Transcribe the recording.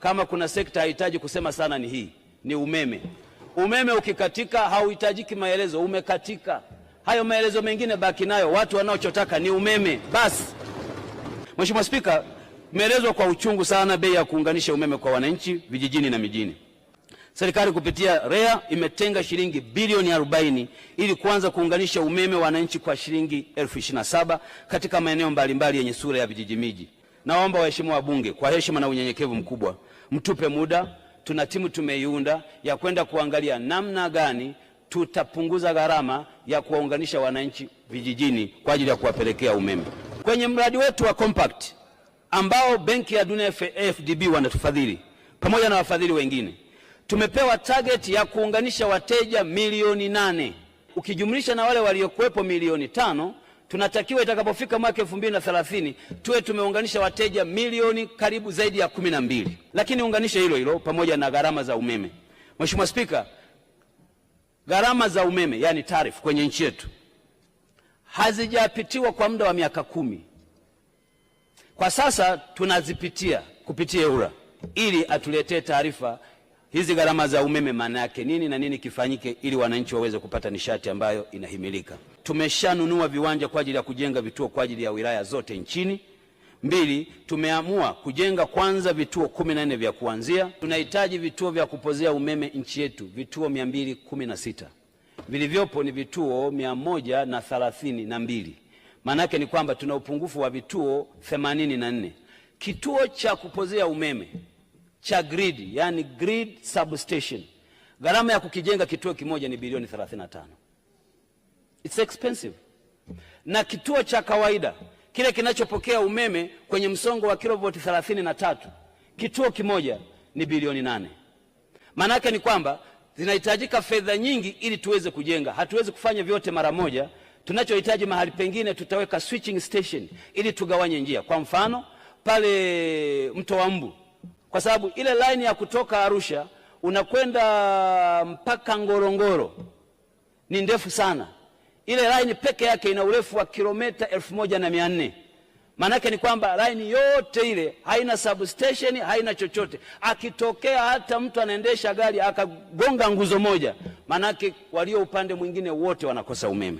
Kama kuna sekta hahitaji kusema sana, ni hii ni umeme. Umeme ukikatika hauhitajiki maelezo, umekatika. Hayo maelezo mengine baki nayo, watu wanaochotaka ni umeme basi. Mheshimiwa Spika, tumeelezwa kwa uchungu sana bei ya kuunganisha umeme kwa wananchi vijijini na mijini. Serikali kupitia REA imetenga shilingi bilioni 40 ili kuanza kuunganisha umeme wananchi kwa shilingi elfu ishirini na saba katika maeneo mbalimbali yenye sura ya vijiji miji. Naomba waheshimiwa wabunge, kwa heshima na unyenyekevu mkubwa, mtupe muda. Tuna timu tumeiunda ya kwenda kuangalia namna gani tutapunguza gharama ya kuwaunganisha wananchi vijijini kwa ajili ya kuwapelekea umeme kwenye mradi wetu wa compact ambao Benki ya Dunia AfDB wanatufadhili pamoja na wafadhili wengine. Tumepewa target ya kuunganisha wateja milioni nane ukijumlisha na wale waliokuwepo milioni tano tunatakiwa itakapofika mwaka elfu mbili na thelathini tuwe tumeunganisha wateja milioni karibu zaidi ya kumi na mbili, lakini unganishe hilo hilo pamoja na gharama za umeme. Mheshimiwa Spika, gharama za umeme yani tarif kwenye nchi yetu hazijapitiwa kwa muda wa miaka kumi. Kwa sasa tunazipitia kupitia EWURA ili atuletee taarifa hizi gharama za umeme maana yake nini na nini kifanyike ili wananchi waweze kupata nishati ambayo inahimilika. Tumeshanunua viwanja kwa ajili ya kujenga vituo kwa ajili ya wilaya zote nchini. Mbili, tumeamua kujenga kwanza vituo kumi na nne vya kuanzia. Tunahitaji vituo vya kupozea umeme nchi yetu vituo mia mbili kumi na sita vilivyopo ni vituo mia moja na thelathini na mbili. Maana yake ni kwamba tuna upungufu wa vituo themanini na nne. Kituo cha kupozea umeme cha grid, yani grid substation. Gharama ya kukijenga kituo kimoja ni bilioni 35. It's expensive. Na kituo cha kawaida kile kinachopokea umeme kwenye msongo wa kilovoti 33 kituo kimoja ni bilioni nane. Maana yake ni kwamba zinahitajika fedha nyingi ili tuweze kujenga. Hatuwezi kufanya vyote mara moja. Tunachohitaji mahali pengine tutaweka switching station ili tugawanye njia. Kwa mfano pale Mto wa Mbu kwa sababu ile laini ya kutoka Arusha unakwenda mpaka Ngorongoro ni ndefu sana. Ile laini peke yake ina urefu wa kilomita elfu moja na mia nne. Maanake ni kwamba laini yote ile haina substation, haina chochote. Akitokea hata mtu anaendesha gari akagonga nguzo moja, maanake walio upande mwingine wote wanakosa umeme.